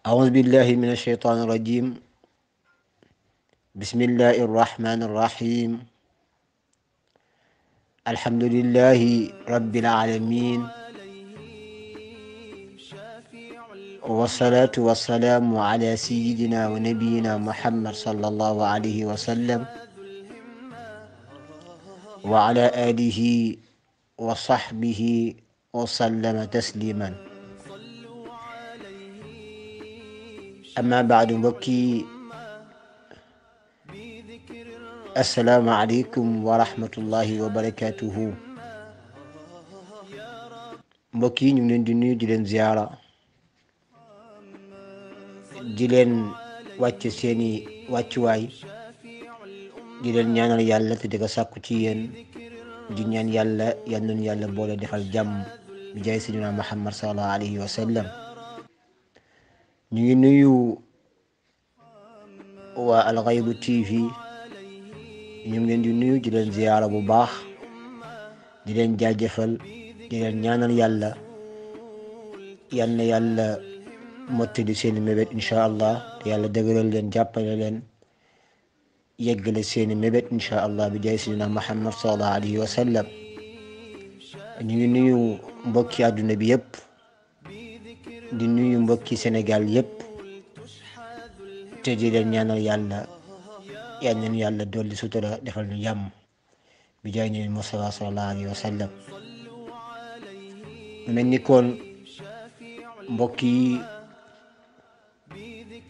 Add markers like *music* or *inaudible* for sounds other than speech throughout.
أعوذ بالله من الشيطان الرجيم بسم الله الرحمن الرحيم الحمد لله رب العالمين والصلاة والسلام على سيدنا ونبينا محمد صلى الله عليه وسلم وعلى آله وصحبه وسلم تسليما amma baadu mbokki assalaamu aleykum wa rahmatullahi wa barakaatuhu mbokk yi ñu ngi leen di nuyu di leen ziyaara di leen wàcc seeni wàccuwaay di leen ñaanal yàlla te di ko sàkku ci yéen di ñaan yàlla yal nañu defal jàmm bi jaay sayyidina Muhammad sallallahu alayhi wa ñu ngi nuyu waa alxaybu tv ñu ngi leen di nuyu di leen ziyaara bu baax di leen jaajëfal di leen ñaanal yàlla yal na yàlla mottali seeni mébét incha allah yàlla dëgëral leen jàppale leen yeggale seeni mébét incha allah bi jaay sidina muhammad sallallahu alayhi wa sallam ñu ngi nuyu mbokki àdduna bi yëpp di nuyu mbokki Sénégal yépp te di leen ñaanal yàlla yal nañu yàlla dolli sutura defal ñu jàmm bi jaay nañu Mustafa sallallahu alayhi mel ni koon mbokk yi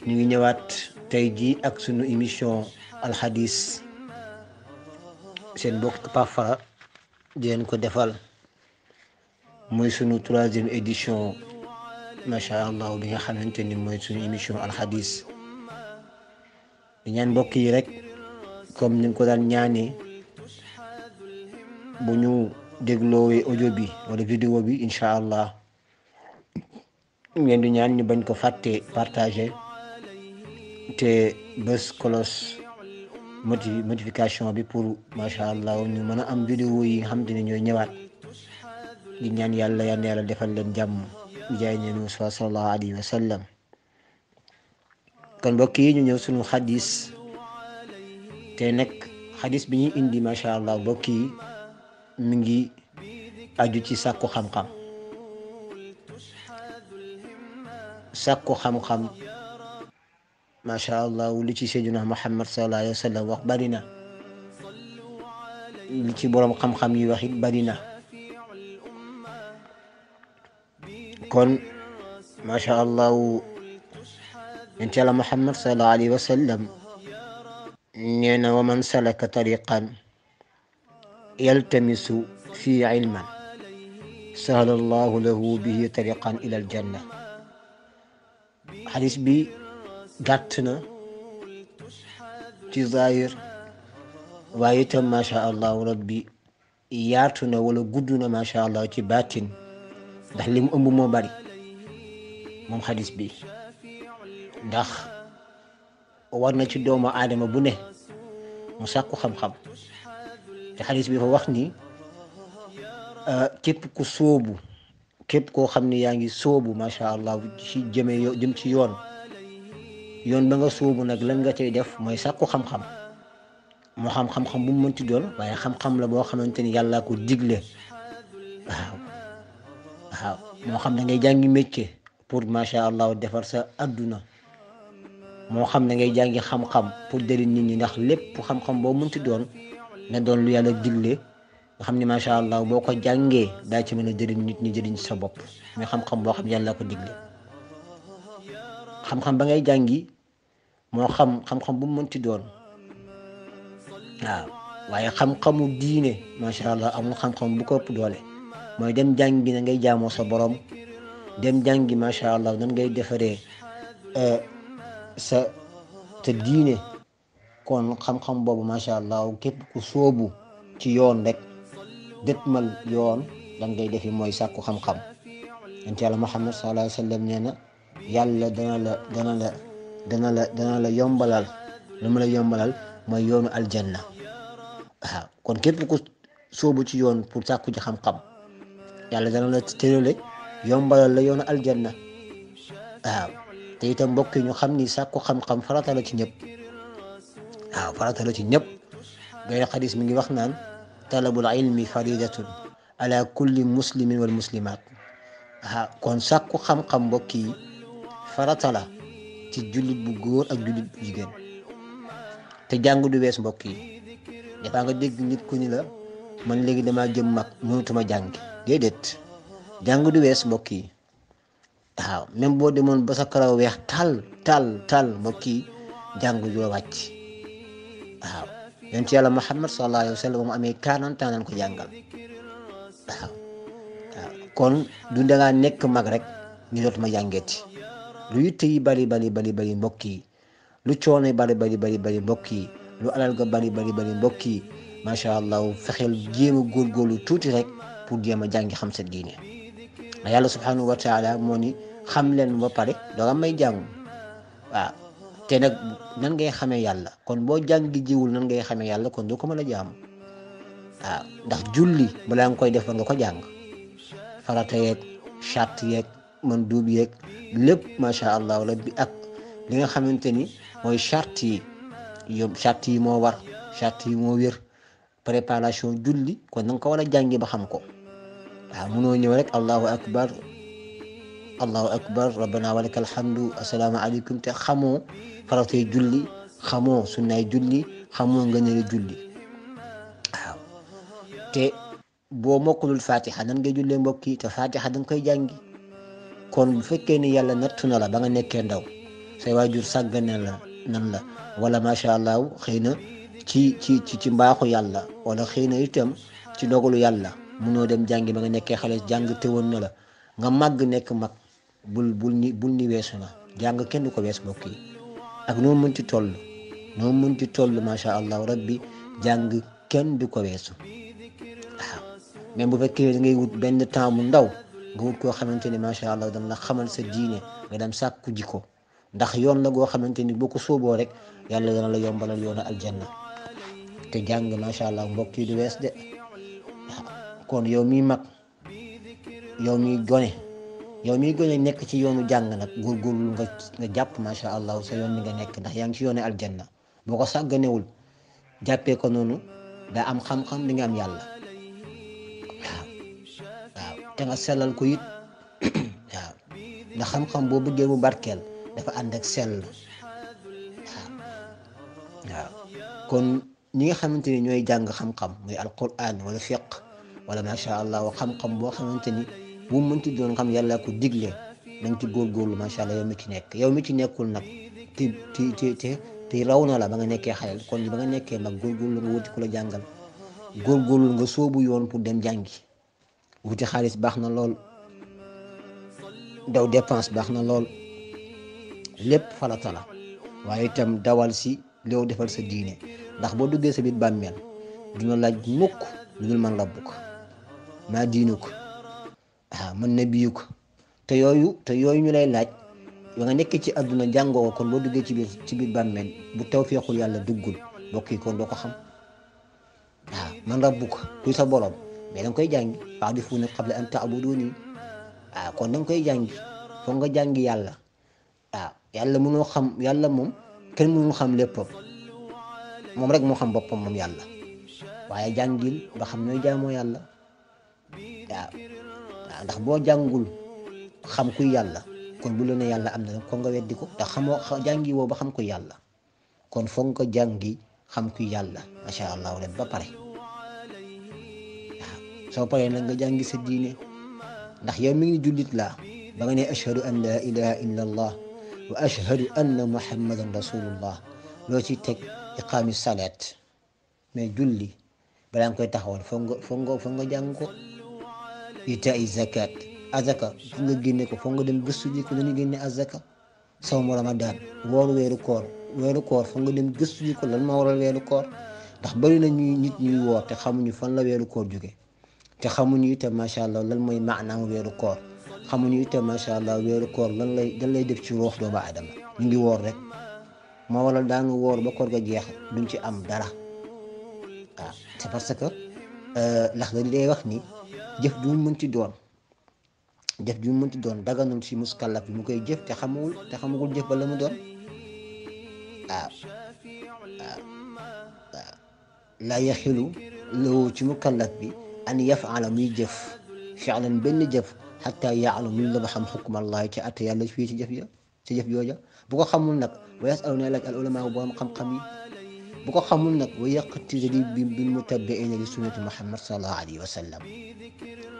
ñu ngi ñëwaat tey jii ak sunu émission alxadis seen mbokk Pafa di ko defal muy sunu troisième édition. macha allah bi nga xamante ni mooy suñu émission alxadis di ñaan mbokk yi rek comme ni ko daan ñaane bu ñu dégloowee audio bi wala vidéo bi incha allah ngeen di ñaan bañ ko fatte partage te bés kolos moti notification bi pour macha allah ñu mën a am vidéo yi nga xamante ne ñooy ñëwaat di ñaan yàlla yal na yàlla defal leen jàmm. bu jaay neen Mustafa sallallahu alayhi wa sallam kon mbokk yi ñu ñëw suñu xadis te nag xadis bi ñuy indi macha allah mbokk yi mi ngi aju ci sàkku xam-xam sàkku xam-xam macha allah li ci Seydina Muhammad sallallahu alayhi wa wax bari na li ci borom xam yi wax it bari na kon macha allah yonent Yàlla Muhammad sallallahu alayhi wa sallam nee na wa man salaka tariqan yaltamisu fii ilman sahala allahu lahu bihi tariqan ila aljanna xadis bi gàtt na ci zahir waaye itam macha allah rabbi yaatu na wala gudd na macha allah ci baatin ndax li mu ëmb moo bari moom xadis bi ndax war na ci doomu aadama bu ne mu sàkku xam-xam te xalis bi fa wax ni euh, képp ku sóobu képp koo xam ne yaa ngi sóobu macha allah ci jëme ci yoon yoon ba nga sóobu nag lan nga cay def mooy sàkku xam-xam moo xam xam-xam bu mu mënti doon waaye xam-xam la boo xamante ni yàlla ko digle waaw waaw moo xam da ngay jàngi métier pour macha allah defar sa adduna moo xam da ngay jàngi xam-xam pour jëriñ nit ñi ndax lépp xam-xam boo munti doon na doon yàlla digle xam ne macha allah boo ko jàngee daa ci mën a jëriñ nit ñi jëriñ sa bopp mais xam-xam boo xam yàlla ko digle xam-xam ba ngay jàngi moo xam xam-xam bu mu munti doon waaw waaye xam-xamu diine macha allah amul xam-xam bu ko ëpp doole. mooy dem jàngi na ngay jaamoo sa borom dem jàngi macha allah nan ngay defaree euh, sa te diine kon xam-xam boobu macha allah képp ku soobu ci yoon rek dëtmal yoon lan ngay defi mooy sàkku xam-xam yonent yàlla muhammad sallallahu alayhi wa sallam nee na yàlla dana la dana la dana la dana la yombalal mooy yoonu aljanna waaw kon képp ku sóobu ci yoon pour sàkku ci xam-xam yàlla dana la tërale yombalal la yoonu aljanna waaw te itam mbokk yi ñu xam ni sàkku xam-xam farata la ci ñëpp waaw farata ci ñëpp mi ngi wax naan talabul ilmi faridatun ala kulli muslimin wal muslimat kon sàkku xam-xam mbokk yi farata la ci jullit bu góor ak jullit bu jigéen te jàng du wees mbokk yi nga dégg nit ku ni la man léegi damaa jëm mag mënatuma jàngi déedéet jàng du wees mbokk yi waaw même boo demoon ba sa karaw weex tal tal tal mbokk yi jàng joo wàcc waaw yonent yàlla Muhammad sallallahu alayhi wa sallam amee 40 ans nañ ko jàngal waaw kon du dangaa nekk mag rek ñu dootuma jàngeeti lu yitte yi bari bari bari bari lu coono bari bari bari bari lu alal ga bari bari bari mbokk yi macha allah fexeel jéem a góorgóorlu tuuti rek. pour jéem a jàngi xam sa diine yàlla subhanahu wa taala moo ni xam leen ba pare dooga may jàngu waaw te nag nan ngay xame yàlla kon boo jàngi jiwul nan ngay xame yàlla kon doo ko mën a jaamu waaw ndax julli balaa nga koy def ba nga ko jàng farata yeeg charte yeeg man duub yeeg lépp macha allah rabbi ak li nga xamante ni mooy charte yi yow moo war charte yi moo wér préparation julli kon na nga war a jàngi ba xam ko waaw ah, munoo ñëw rek allahu akbar allahu akbar rabbana walakal hamdu asalaamaaleykum te xamoo faratee julli xamoo sunnaay julli xamoo nga ne julli te boo mokkulul fatiha nan ngay jullee mbokk yi te fatiha danga koy jàngi kon bu fekkee ni yàlla nattu na la nekkee ndaw say waajur sàggane la nan la wala macha allah xëy na ci ci ci mbaaxu yàlla wala xëy na itam ci dogalu yàlla munoo dem jàngi ba nga nekkee xale jàng teewoon na la nga màgg nekk mag bul bul ni weesu na jàng kenn du ko wees mbokk ak noo mën ci toll noo mën ci toll macha allah rabbi jàng kenn du ko weesu waaw même bu fekkee da ngay wut benn temps mu ndaw nga wut koo xamante ni macha allah dana la xamal sa diine nga dem sàkku ji ko ndax yoon la goo xamante ni boo ko sóoboo rek yàlla dana la yombalal yoonu aljanna te jàng macha allah mbokk yi du wees de waaw kon yow miy mag yow miy gone yow mii gone nekk ci yoonu jàng nag góorgóorlu nga nga jàpp macha allah sa yoon mi nga nekk ndax yaa ngi ci yoone aljanna boo ko sàgganewul jàppee ko noonu daa am xam-xam di am yàlla te nga sellal ko it *coughs* ndax xam-xam boo bëggee mu barkeel dafa ànd ak sell waaw kon ñi nga xamante ni ñooy jàng xam-xam muy alquran wala fiq wala macha allah xam-xam boo xamante ni bu mu mënti doon xam yàlla ko digle nañ ci góorgóorlu macha allah yow mi ci nekk yow mi ci nekkul nag te te te te raw na la ba nga nekkee xale kon ba nga nekkee mag góorgóorlu nga wuti ku la jàngal góorgóorlu nga soobu yoon pour dem jàngi wuti xaalis baax na lool daw dépense baax na lool lépp farata la waaye itam dawal si loo defal sa diine ndax boo duggee sa biir bàmmeel dina laaj mukk lu dul man rabbuk maa diinuk ah man nabiyuk te yooyu te yooyu ñu lay laaj ba nga nekk ci àdduna jàngoo ko kon boo duggee ci biir ci biir bàmmeel bu tawféexul yàlla duggul mbokk kon doo ko xam waaw man rabbuk kuy sa borom mais da nga koy jàng faarifuuna qabla an taabuduni waaw kon da koy jàng foog nga jàng yàlla waaw yàlla mënoo xam yàlla moom kenn mënul xam léppam moom rek moo xam boppam moom yàlla waaye jàngil nga xam nooy yàlla. waaw ndax boo jàngul xam kuy yàlla kon bu la yàlla am na kon nga weddi ko ndax xamoo jàngi woo ba xam kuy yàlla kon foog nga jàngi xam kuy yàlla macha allah ren ba pare waaw soo paree nag nga jàngi sa diine ndax yow mi ngi jullit laa ba nga ne ashhadu an la ilaha illa allah wa ashhadu anna muhammadan rasulullah loo ci teg iqaami salaat mais julli balaa koy taxawal foog nga foog nga ko ita ay zakat azaka fu nga génne ko foog nga dem gëstu ji ko dañu génne azaka saw mu ramadan wooru weeru koor weeru koor foog nga dem gëstu ji ko lan ma waral weeru koor ndax bëri na ñuy nit ñuy woor te xamuñu fan la weeru koor jóge te xamuñu itam macha allah lan mooy maanaam weeru koor xamuñu itam macha allah weeru koor lan lay lan lay def ci ruux doomu aadama ñu ngi woor rek moo waral daa nga woor ba kor ga jeex duñ ci am dara waaw c'est parce que lax euh, dañ ni jëf ju mu mënti doon jëf ju mu mënti doon daganul si muskallaf bi mu koy jëf te xamagul te xamagul jëf ba la mu doon waaw waaw waaw laa yaxilu ci mukallaf bi an yafaala muy jëf fialan benn jëf xatta yaalam muy la ba xam xukm allah ci atte yàlla fii ci jëf ya ci jëf jooja bu ko xamul nag wa yasalu ne laaj al ulama bu xam xam-xam yi bu ko xamul nag wa yaqtidi bi bil mutabiina li sunnati muhammad sallallahu alayhi wa sallam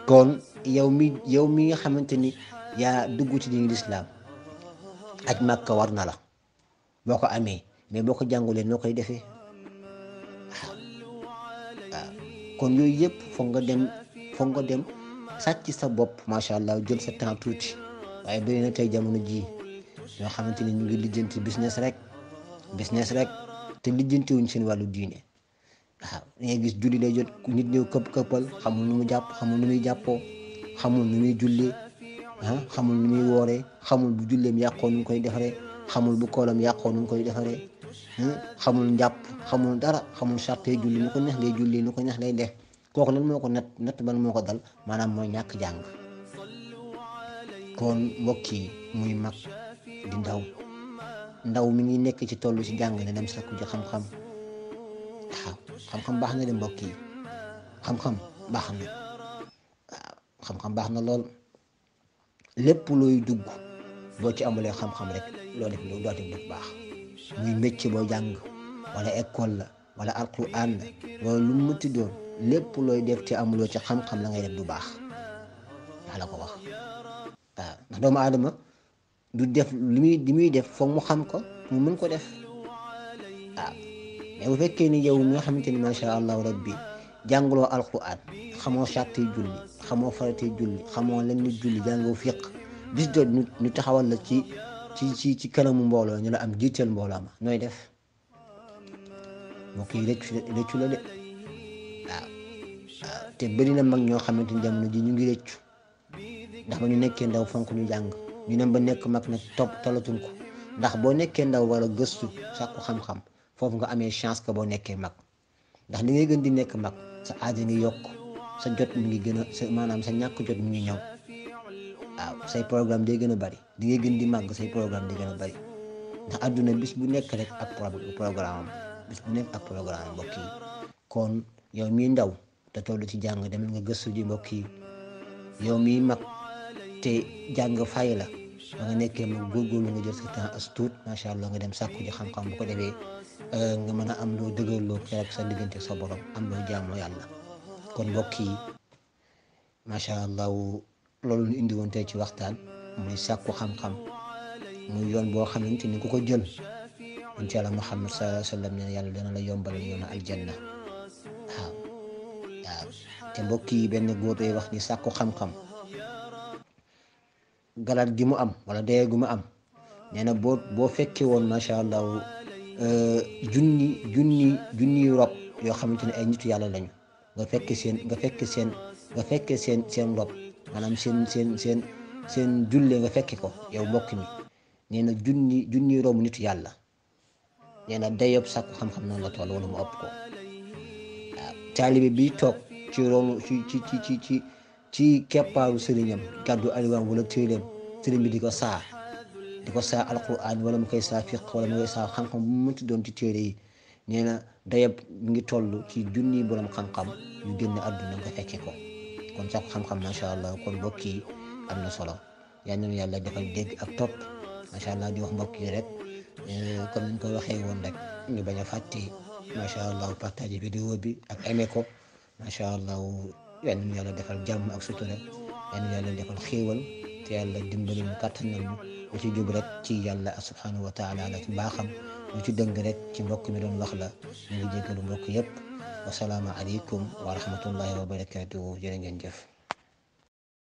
kon yow mi yow mi nga xamante ni yaa dugg ci diin lislaam aj màkka war na la boo ko amee mais boo ko jàngulee noo koy defee ah, waaw kon yooyu yëpp foog nga dem foog nga dem sàcc sa bopp macha allah jot sa temps tuuti waaye bëri na tey jamono jii ñoo xamante ni ñu ngi lijjanti business rek business rek te lijjanti wuñ seen wàllu diine waaw dangay gis julli lay jot nit ñëw këpp këppal xamul nu mu jàpp xamul nu muy jàppoo xamul nu muy jullee ah xamul nu muy wooree xamul bu julleem yàqoo nu mu koy defaree xamul bu koolam yàqoo nu mu koy defaree ah, xamul njàpp xamul dara xamul sartee julli nu ko neex lay julli nu ko ñax lay def kooku lan moo ko natt ban moo ko dal maanaam mooy ñàkk jàng kon mbokk yi muy mag di ndaw ndaw mi ngi nekk ci tollu ci jàng na dem sakku ji xam-xam waaw xam-xam baax na de mbokk yi xam-xam baax na waaw xam-xam baax na lool lépp looy dugg boo ci amulee xam-xam rek loo def lu dootul bu baax muy métier boo jàng wala école la wala alquran la wala lu mu mënti lépp looy def te amuloo ci xam-xam la ngay def du baax maa la ko wax ndax doomu aadama. du def li muy li muy def foog mu xam ko mu mën ko def waaw ah, mais bu fekkee ni yow mi nga xamante ni macha allahu rabbi jàngaloo alquran xamoo sàrti julli xamoo farati julli xamoo lenn julli jàngoo fiq bis doot ñu ñu taxawal la ci ci ci ci kanamu mbooloo ñu la am jiiteel mbooloo ma nooy def moo koy rëccu rëccu la de waaw ah, ah, waaw te bëri mag ñoo xamante ni jamono ji ñu ngi rëccu ndax ma ñu nekkee ndaw fonk ñu jàng ñu dem ba nekk mag nag topp talatuñ ko ndax boo nekkee ndaw war a gëstu sàkku xam-xam foofu nga amee chance que boo nekkee mag ndax li ngay gën di nekk mag sa aaja ngi yokk sa jot mi ngi gën a maanaam sa ñàkk jot mi ngi say programme day gën a bari li ngay gën di màgg say programme day gën a bari ndax àdduna bis bu nekk rek ak programme bis bu nekk ak programme am kon yow miy ndaw te toll ci jàng demal nga gëstu di mbokk yi yow mag. te jàng fay la ba nga nekkee moom góorgóorlu nga jël sa temps as tuut macha allah nga dem sàkku ji xam-xam bu ko defee euh, nga mën a am loo dëgërloo keroog sa diggante sa am loo jaamu yàlla kon mbokk yi macha loolu ñu indi woon ci waxtaan muy sàkku xam-xam muy yoon boo xamante ni ku ko jël incha allah muhammad sallallahu alayhi wa sallam ne yàlla dana la yombalal yoonu aljanna waaw mbokk yi benn góor wax ni sàkku xam-xam. galaat gi mu am wala dee gu am nee na boo boo fekkee woon macha allah euh, junni junni junni rob yoo xamante ne ay nitu yàlla lañu nga fekke seen nga fekke seen nga fekke seen seen rob maanaam seen seen seen seen julle nga fekke ko yow mbokk mi nee na junni junni rob nit yàlla nee na dayob sàkku xam-xam noonu la toll wala mu ëpp ko waaw bi toog ci ronu ci ci ci ci keppaaru sëriñam gàddu aliwaam wala téeléem sëriñ bi di ko saa di ko saa alquran wala mu koy saa fiq wala mu koy saa xam-xam bu mu doon ci téere yi nee na dayab mi ngi toll ci junni borom xam-xam yu génn àdduna nga fekke ko kon sax xam-xam macha allah kon mbokk yi am na solo yaa ngi yàlla defal dégg ak topp macha allah di wax mbokk yi rek eh, comme ni ñu ko waxee woon rek ñu bañ a fàtte macha allah partage vidéo bi ak aimé ko allah. yàlla yàlla defal jàmm ak sutura yàlla na yàlla defal xéewal te yàlla dimbali ñu kàttanal ci jub rek ci yàlla subhanahu wa taala la ci mbaaxam ci dëng rek ci mbokk mi doon wax la ñu ngi jéggalu mbokk yëpp wasalaamaaleykum wa rahmatullahi wa barakatuhu jërë ngeen